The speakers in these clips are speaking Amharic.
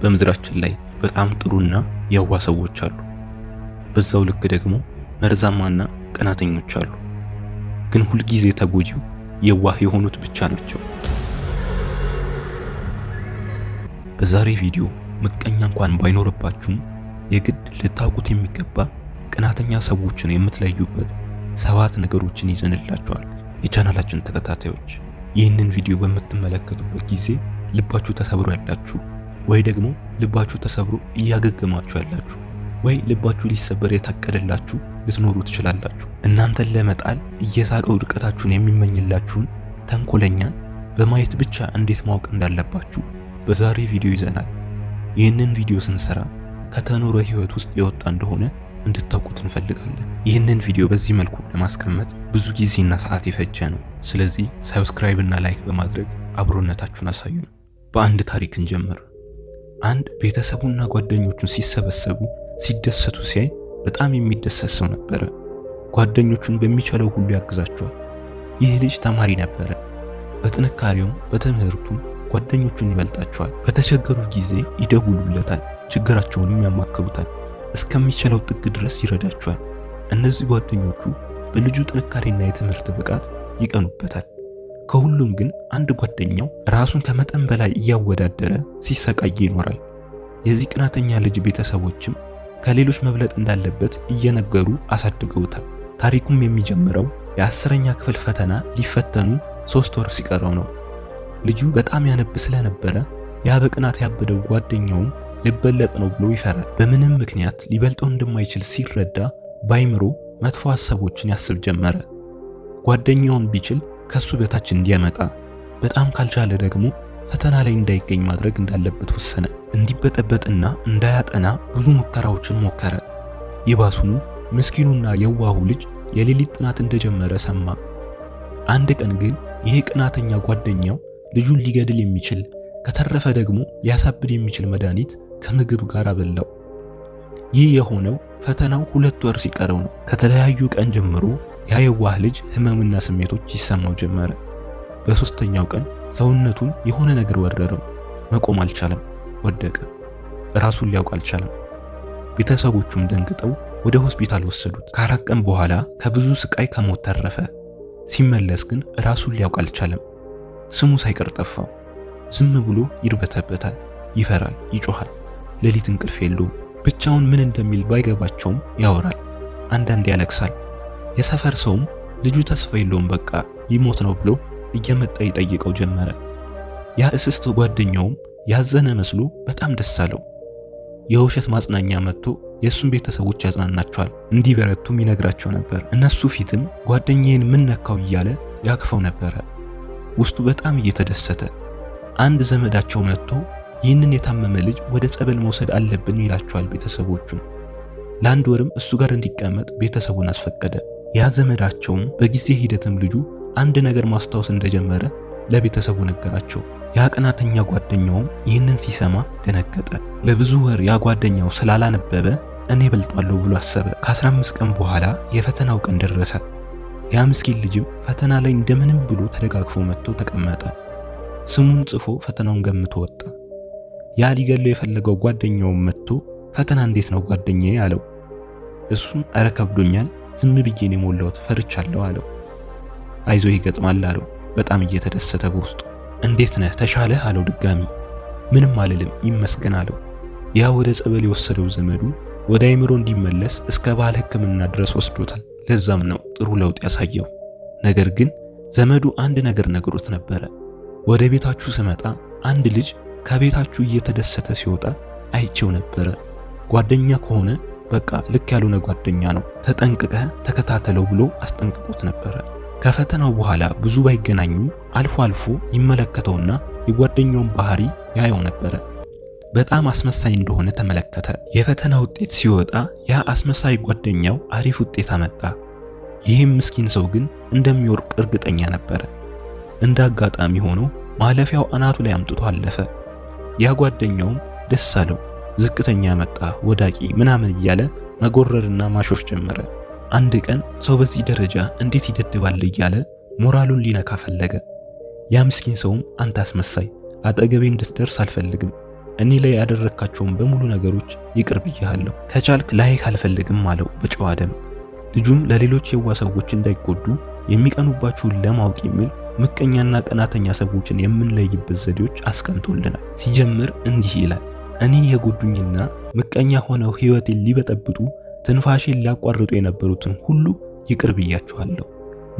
በምድራችን ላይ በጣም ጥሩና የዋ ሰዎች አሉ። በዛው ልክ ደግሞ መርዛማና ቀናተኞች አሉ። ግን ሁልጊዜ ተጎጂው የዋህ የሆኑት ብቻ ናቸው። በዛሬ ቪዲዮ ምቀኛ እንኳን ባይኖርባችሁም የግድ ልታውቁት የሚገባ ቀናተኛ ሰዎችን የምትለዩበት ሰባት ነገሮችን ይዘንላችኋል። የቻናላችን ተከታታዮች ይህንን ቪዲዮ በምትመለከቱበት ጊዜ ልባችሁ ተሰብሮ ያላችሁ ወይ ደግሞ ልባችሁ ተሰብሮ እያገገማችሁ ያላችሁ ወይ ልባችሁ ሊሰበር የታቀደላችሁ ልትኖሩ ትችላላችሁ። እናንተን ለመጣል እየሳቀ ውድቀታችሁን የሚመኝላችሁን ተንኮለኛን በማየት ብቻ እንዴት ማወቅ እንዳለባችሁ በዛሬ ቪዲዮ ይዘናል። ይህንን ቪዲዮ ስንሰራ ከተኖረ ህይወት ውስጥ የወጣ እንደሆነ እንድታውቁት እንፈልጋለን። ይህንን ቪዲዮ በዚህ መልኩ ለማስቀመጥ ብዙ ጊዜና ሰዓት የፈጀ ነው። ስለዚህ ሰብስክራይብ እና ላይክ በማድረግ አብሮነታችሁን አሳዩን። በአንድ ታሪክ እንጀምር። አንድ ቤተሰቡና ጓደኞቹን ሲሰበሰቡ ሲደሰቱ ሲያይ በጣም የሚደሰት ሰው ነበረ። ጓደኞቹን በሚቻለው ሁሉ ያግዛቸዋል። ይህ ልጅ ተማሪ ነበረ። በጥንካሬውም በትምህርቱም ጓደኞቹን ይበልጣቸዋል። በተቸገሩ ጊዜ ይደውሉለታል፣ ችግራቸውንም ያማክሩታል። እስከሚችለው ጥግ ድረስ ይረዳቸዋል። እነዚህ ጓደኞቹ በልጁ ጥንካሬና የትምህርት ብቃት ይቀኑበታል። ከሁሉም ግን አንድ ጓደኛው ራሱን ከመጠን በላይ እያወዳደረ ሲሰቃይ ይኖራል። የዚህ ቅናተኛ ልጅ ቤተሰቦችም ከሌሎች መብለጥ እንዳለበት እየነገሩ አሳድገውታል። ታሪኩም የሚጀምረው የአስረኛ ክፍል ፈተና ሊፈተኑ ሶስት ወር ሲቀረው ነው። ልጁ በጣም ያነብ ስለነበረ ያ በቅናት ያበደው ጓደኛውም ልበለጥ ነው ብሎ ይፈራል። በምንም ምክንያት ሊበልጠው እንደማይችል ሲረዳ ባይምሮ መጥፎ ሐሳቦችን ያስብ ጀመረ። ጓደኛውን ቢችል ከሱ በታች እንዲያመጣ በጣም ካልቻለ ደግሞ ፈተና ላይ እንዳይገኝ ማድረግ እንዳለበት ወሰነ። እንዲበጠበጥና እንዳያጠና ብዙ ሙከራዎችን ሞከረ። ይባሱኑ ምስኪኑና የዋሁ ልጅ የሌሊት ጥናት እንደጀመረ ሰማ። አንድ ቀን ግን ይሄ ቅናተኛ ጓደኛው ልጁን ሊገድል የሚችል ከተረፈ ደግሞ ሊያሳብድ የሚችል መድኃኒት ከምግብ ጋር አበላው። ይህ የሆነው ፈተናው ሁለት ወር ሲቀረው ነው። ከተለያዩ ቀን ጀምሮ የአየዋህ ልጅ ህመምና ስሜቶች ይሰማው ጀመረ። በሶስተኛው ቀን ሰውነቱን የሆነ ነገር ወረረው። መቆም አልቻለም፣ ወደቀ። ራሱን ሊያውቅ አልቻለም። ቤተሰቦቹም ደንግጠው ወደ ሆስፒታል ወሰዱት። ከአራት ቀን በኋላ ከብዙ ስቃይ ከሞት ተረፈ። ሲመለስ ግን ራሱን ሊያውቅ አልቻለም። ስሙ ሳይቀር ጠፋው። ዝም ብሎ ይርበተበታል፣ ይፈራል፣ ይጮሃል። ሌሊት እንቅልፍ የለውም። ብቻውን ምን እንደሚል ባይገባቸውም ያወራል። አንዳንድ ያለቅሳል። የሰፈር ሰውም ልጁ ተስፋ የለውም በቃ ሊሞት ነው ብሎ እየመጣ ይጠይቀው ጀመረ። ያ እስስት ጓደኛውም ያዘነ መስሎ በጣም ደስ አለው። የውሸት ማጽናኛ መጥቶ የእሱን ቤተሰቦች ያጽናናቸዋል፣ እንዲበረቱም ይነግራቸው ነበር። እነሱ ፊትም ጓደኛዬን ምን ነካው እያለ ያክፈው ነበረ። ውስጡ በጣም እየተደሰተ አንድ ዘመዳቸው መጥቶ ይህንን የታመመ ልጅ ወደ ጸበል መውሰድ አለብን ይላቸዋል ቤተሰቦቹ ለአንድ ወርም እሱ ጋር እንዲቀመጥ ቤተሰቡን አስፈቀደ። ያ ዘመዳቸውም በጊዜ ሂደትም ልጁ አንድ ነገር ማስታወስ እንደጀመረ ለቤተሰቡ ነገራቸው። ያ ቀናተኛ ጓደኛውም ይህንን ሲሰማ ደነገጠ። ለብዙ ወር ያ ጓደኛው ስላላነበበ እኔ በልጧለሁ ብሎ አሰበ። ከ15 ቀን በኋላ የፈተናው ቀን ደረሰ። ያ ምስኪን ልጅም ፈተና ላይ እንደምንም ብሎ ተደጋግፎ መጥቶ ተቀመጠ። ስሙን ጽፎ ፈተናውን ገምቶ ወጣ። ያ ሊገለው የፈለገው ጓደኛውም መጥቶ ፈተና እንዴት ነው ጓደኛዬ አለው። እሱም አረ ከብዶኛል ዝም ብዬን የሞላሁት ፈርቻለሁ አለው። አይዞ ይገጥማል አለው በጣም እየተደሰተ በውስጡ። እንዴት ነህ ተሻለህ አለው ድጋሚ። ምንም አልልም ይመስገን አለው። ያ ወደ ጸበል የወሰደው ዘመዱ ወደ አይምሮ እንዲመለስ እስከ ባህል ህክምና ድረስ ወስዶታል። ለዛም ነው ጥሩ ለውጥ ያሳየው። ነገር ግን ዘመዱ አንድ ነገር ነግሮት ነበረ። ወደ ቤታችሁ ስመጣ አንድ ልጅ ከቤታችሁ እየተደሰተ ሲወጣ አይቼው ነበረ። ጓደኛ ከሆነ በቃ ልክ ያልሆነ ጓደኛ ነው፣ ተጠንቅቀ ተከታተለው ብሎ አስጠንቅቆት ነበረ። ከፈተናው በኋላ ብዙ ባይገናኙ አልፎ አልፎ ይመለከተውና የጓደኛውን ባህሪ ያየው ነበረ። በጣም አስመሳይ እንደሆነ ተመለከተ። የፈተና ውጤት ሲወጣ ያ አስመሳይ ጓደኛው አሪፍ ውጤት አመጣ። ይህም ምስኪን ሰው ግን እንደሚወርቅ እርግጠኛ ነበረ። እንደ አጋጣሚ ሆኖ ማለፊያው አናቱ ላይ አምጥቶ አለፈ። ያ ጓደኛውም ደስ አለው። ዝቅተኛ መጣ፣ ወዳቂ ምናምን እያለ መጎረርና ማሾፍ ጀመረ። አንድ ቀን ሰው በዚህ ደረጃ እንዴት ይደድባል እያለ ሞራሉን ሊነካ ፈለገ። ያ ምስኪን ሰውም አንተ አስመሳይ፣ አጠገቤ እንድትደርስ አልፈልግም፣ እኔ ላይ ያደረግካቸውን በሙሉ ነገሮች ይቅር ብያለሁ፣ ከቻልክ ላይክ አልፈልግም አለው በጨዋ ደም። ልጁም ለሌሎች የዋ ሰዎች እንዳይጎዱ የሚቀኑባችሁን ለማወቅ የሚል ምቀኛና ቀናተኛ ሰዎችን የምንለይበት ዘዴዎች አስቀምጦልናል። ሲጀምር እንዲህ ይላል እኔ የጎዱኝና ምቀኛ ሆነው ህይወቴን ሊበጠብጡ ትንፋሽ ሊያቋርጡ የነበሩትን ሁሉ ይቅር ብያቸዋለሁ።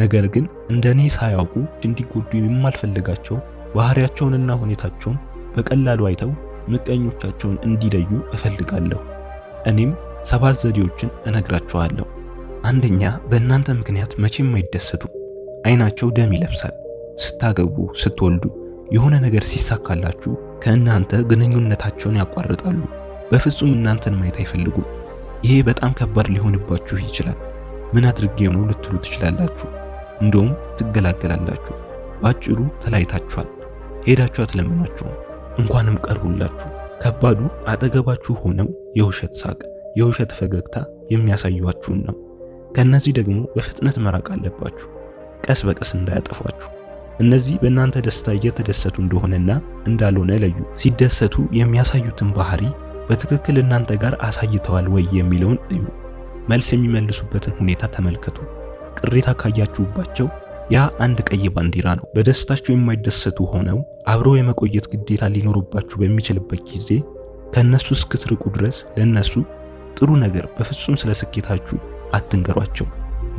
ነገር ግን እንደኔ ሳያውቁ እንዲጎዱ የማልፈልጋቸው ባህሪያቸውንና ሁኔታቸውን በቀላሉ አይተው ምቀኞቻቸውን እንዲለዩ እፈልጋለሁ። እኔም ሰባት ዘዴዎችን እነግራቸዋለሁ። አንደኛ፣ በእናንተ ምክንያት መቼም አይደሰቱ። አይናቸው ደም ይለብሳል። ስታገቡ፣ ስትወልዱ፣ የሆነ ነገር ሲሳካላችሁ ከእናንተ ግንኙነታቸውን ያቋርጣሉ። በፍጹም እናንተን ማየት አይፈልጉም። ይሄ በጣም ከባድ ሊሆንባችሁ ይችላል። ምን አድርጌ ነው ልትሉ ትችላላችሁ። እንደውም ትገላገላላችሁ። ባጭሩ ተለያይታችኋል። ሄዳችሁ አትለምናችሁም፣ እንኳንም ቀርቡላችሁ ከባዱ አጠገባችሁ ሆነው የውሸት ሳቅ፣ የውሸት ፈገግታ የሚያሳዩአችሁን ነው። ከነዚህ ደግሞ በፍጥነት መራቅ አለባችሁ፣ ቀስ በቀስ እንዳያጠፏችሁ። እነዚህ በእናንተ ደስታ እየተደሰቱ እንደሆነና እንዳልሆነ ለዩ። ሲደሰቱ የሚያሳዩትን ባህሪ በትክክል እናንተ ጋር አሳይተዋል ወይ የሚለውን እዩ። መልስ የሚመልሱበትን ሁኔታ ተመልከቱ። ቅሬታ ካያችሁባቸው ያ አንድ ቀይ ባንዲራ ነው። በደስታቸው የማይደሰቱ ሆነው አብረው የመቆየት ግዴታ ሊኖርባችሁ በሚችልበት ጊዜ ከነሱ እስክትርቁ ድረስ ለነሱ ጥሩ ነገር በፍጹም ስለ ስኬታችሁ አትንገሯቸው።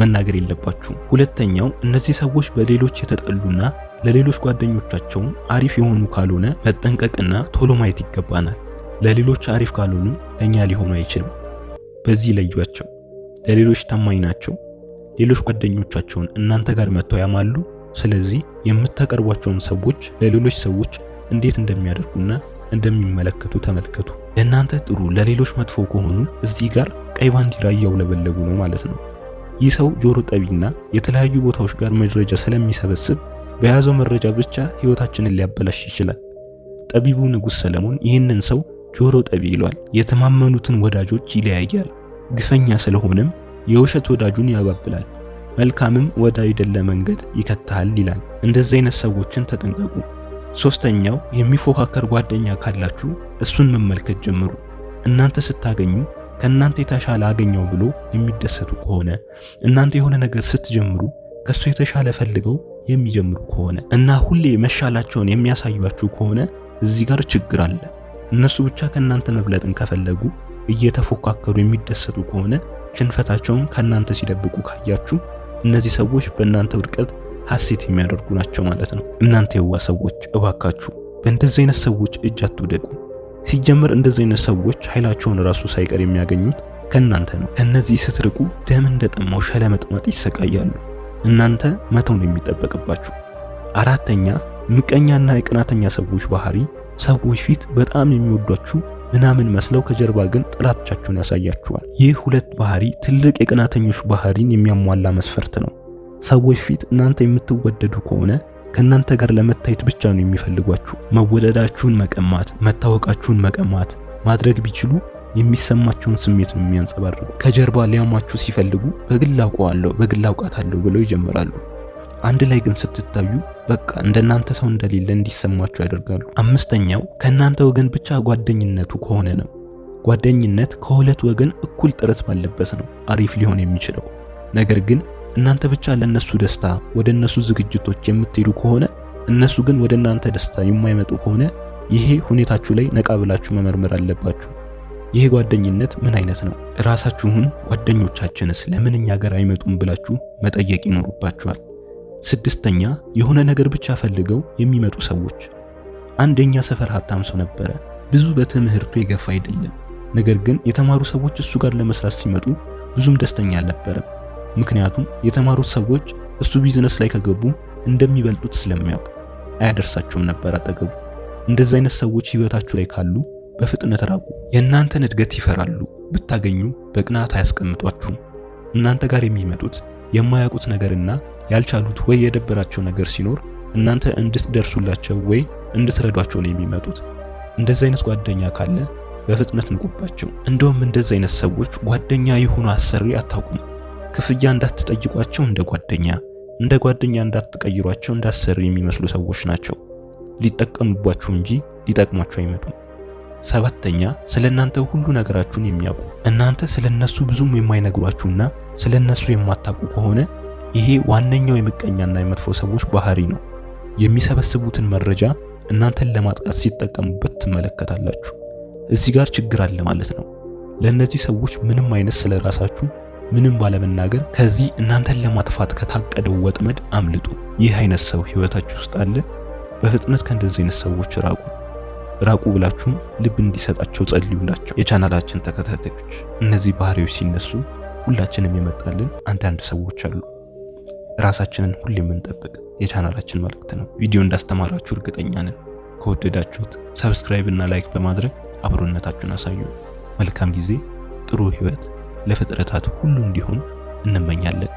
መናገር የለባችሁም። ሁለተኛው እነዚህ ሰዎች በሌሎች የተጠሉና ለሌሎች ጓደኞቻቸውም አሪፍ የሆኑ ካልሆነ መጠንቀቅና ቶሎ ማየት ይገባናል። ለሌሎች አሪፍ ካልሆኑ ለኛ ሊሆኑ አይችልም። በዚህ ለዩአቸው። ለሌሎች ታማኝ ናቸው። ሌሎች ጓደኞቻቸውን እናንተ ጋር መጥተው ያማሉ። ስለዚህ የምታቀርቧቸውን ሰዎች ለሌሎች ሰዎች እንዴት እንደሚያደርጉና እንደሚመለከቱ ተመልከቱ። ለእናንተ ጥሩ ለሌሎች መጥፎ ከሆኑ እዚህ ጋር ቀይ ባንዲራ እያውለበለቡ ነው ማለት ነው። ይህ ሰው ጆሮ ጠቢና የተለያዩ ቦታዎች ጋር መረጃ ስለሚሰበስብ በያዘው መረጃ ብቻ ህይወታችንን ሊያበላሽ ይችላል። ጠቢቡ ንጉሥ ሰለሞን ይህንን ሰው ጆሮ ጠቢ ይሏል። የተማመኑትን ወዳጆች ይለያያል። ግፈኛ ስለሆነም የውሸት ወዳጁን ያባብላል። መልካምም ወደ አይደለ መንገድ ይከታል ይላል። እንደዚህ አይነት ሰዎችን ተጠንቀቁ። ሶስተኛው የሚፎካከር ጓደኛ ካላችሁ እሱን መመልከት ጀምሩ። እናንተ ስታገኙ ከእናንተ የተሻለ አገኘው ብሎ የሚደሰቱ ከሆነ እናንተ የሆነ ነገር ስትጀምሩ ከሱ የተሻለ ፈልገው የሚጀምሩ ከሆነ እና ሁሌ መሻላቸውን የሚያሳዩአችሁ ከሆነ እዚህ ጋር ችግር አለ። እነሱ ብቻ ከእናንተ መብለጥን ከፈለጉ እየተፎካከሩ የሚደሰቱ ከሆነ ሽንፈታቸውን ከእናንተ ሲደብቁ ካያችሁ እነዚህ ሰዎች በእናንተ ውድቀት ሐሴት የሚያደርጉ ናቸው ማለት ነው። እናንተ የዋ ሰዎች እባካችሁ በእንደዚህ አይነት ሰዎች እጅ አትውደቁ። ሲጀመር እንደዚህ አይነት ሰዎች ኃይላቸውን ራሱ ሳይቀር የሚያገኙት ከእናንተ ነው። ከእነዚህ ስትርቁ ደም እንደጠማው ሸለመጥማጥ ይሰቃያሉ። እናንተ መተው ነው የሚጠበቅባችሁ። አራተኛ ምቀኛና የቅናተኛ ሰዎች ባህሪ፣ ሰዎች ፊት በጣም የሚወዷችሁ ምናምን መስለው ከጀርባ ግን ጥላቻቸውን ያሳያችኋል። ይህ ሁለት ባህሪ ትልቅ የቅናተኞች ባህሪን የሚያሟላ መስፈርት ነው። ሰዎች ፊት እናንተ የምትወደዱ ከሆነ ከእናንተ ጋር ለመታየት ብቻ ነው የሚፈልጓችሁ። መወደዳችሁን መቀማት፣ መታወቃችሁን መቀማት ማድረግ ቢችሉ የሚሰማቸውን ስሜት ነው የሚያንጸባርቁ። ከጀርባ ሊያሟችሁ ሲፈልጉ በግል አውቀዋለሁ በግል አውቃታለሁ ብለው ይጀምራሉ። አንድ ላይ ግን ስትታዩ በቃ እንደናንተ ሰው እንደሌለ እንዲሰማችሁ ያደርጋሉ። አምስተኛው ከእናንተ ወገን ብቻ ጓደኝነቱ ከሆነ ነው። ጓደኝነት ከሁለት ወገን እኩል ጥረት ባለበት ነው አሪፍ ሊሆን የሚችለው። ነገር ግን እናንተ ብቻ ለእነሱ ደስታ ወደ እነሱ ዝግጅቶች የምትሄዱ ከሆነ እነሱ ግን ወደ እናንተ ደስታ የማይመጡ ከሆነ ይሄ ሁኔታችሁ ላይ ነቃ ብላችሁ መመርመር አለባችሁ። ይሄ ጓደኝነት ምን አይነት ነው? ራሳችሁን ጓደኞቻችንስ ለምን እኛ ጋር አይመጡም ብላችሁ መጠየቅ ይኖርባችኋል። ስድስተኛ የሆነ ነገር ብቻ ፈልገው የሚመጡ ሰዎች። አንደኛ ሰፈር ሀብታም ሰው ነበረ። ብዙ በትምህርቱ የገፋ አይደለም፣ ነገር ግን የተማሩ ሰዎች እሱ ጋር ለመስራት ሲመጡ ብዙም ደስተኛ አልነበረም። ምክንያቱም የተማሩት ሰዎች እሱ ቢዝነስ ላይ ከገቡ እንደሚበልጡት ስለሚያውቅ አያደርሳቸውም ነበር አጠገቡ። እንደዚህ አይነት ሰዎች ህይወታችሁ ላይ ካሉ በፍጥነት ራቁ። የእናንተን እድገት ይፈራሉ። ብታገኙ በቅናት አያስቀምጧችሁም። እናንተ ጋር የሚመጡት የማያውቁት ነገርና ያልቻሉት ወይ የደበራቸው ነገር ሲኖር እናንተ እንድትደርሱላቸው ወይ እንድትረዷቸው ነው የሚመጡት። እንደዚህ አይነት ጓደኛ ካለ በፍጥነት ንቁባቸው። እንደውም እንደዚህ አይነት ሰዎች ጓደኛ የሆኑ አሰሪ አታውቁም። ክፍያ እንዳትጠይቋቸው እንደ ጓደኛ እንደ ጓደኛ እንዳትቀይሯቸው እንዳሰሪ የሚመስሉ ሰዎች ናቸው። ሊጠቀሙባችሁ እንጂ ሊጠቅሟችሁ አይመጡም። ሰባተኛ ስለ እናንተ ሁሉ ነገራችሁን የሚያውቁ እናንተ ስለ እነሱ ብዙም የማይነግሯችሁና ስለ እነሱ የማታውቁ ከሆነ ይሄ ዋነኛው የምቀኛና የመጥፎ ሰዎች ባህሪ ነው። የሚሰበስቡትን መረጃ እናንተን ለማጥቃት ሲጠቀሙበት ትመለከታላችሁ። እዚህ ጋር ችግር አለ ማለት ነው። ለእነዚህ ሰዎች ምንም አይነት ስለራሳችሁ ምንም ባለመናገር ከዚህ እናንተን ለማጥፋት ከታቀደው ወጥመድ አምልጡ። ይህ አይነት ሰው ህይወታችሁ ውስጥ አለ። በፍጥነት ከእንደዚህ አይነት ሰዎች ራቁ። ራቁ ብላችሁም ልብ እንዲሰጣቸው ጸልዩላቸው። የቻናላችን ተከታታዮች፣ እነዚህ ባህሪዎች ሲነሱ ሁላችንም የመጣልን አንዳንድ ሰዎች አሉ። ራሳችንን ሁሌ የምንጠብቅ የቻናላችን መልእክት ነው። ቪዲዮ እንዳስተማራችሁ እርግጠኛ ነን። ከወደዳችሁት ሰብስክራይብ እና ላይክ በማድረግ አብሮነታችሁን አሳዩ። መልካም ጊዜ፣ ጥሩ ህይወት ለፍጥረታት ሁሉ እንዲሆን እንመኛለን።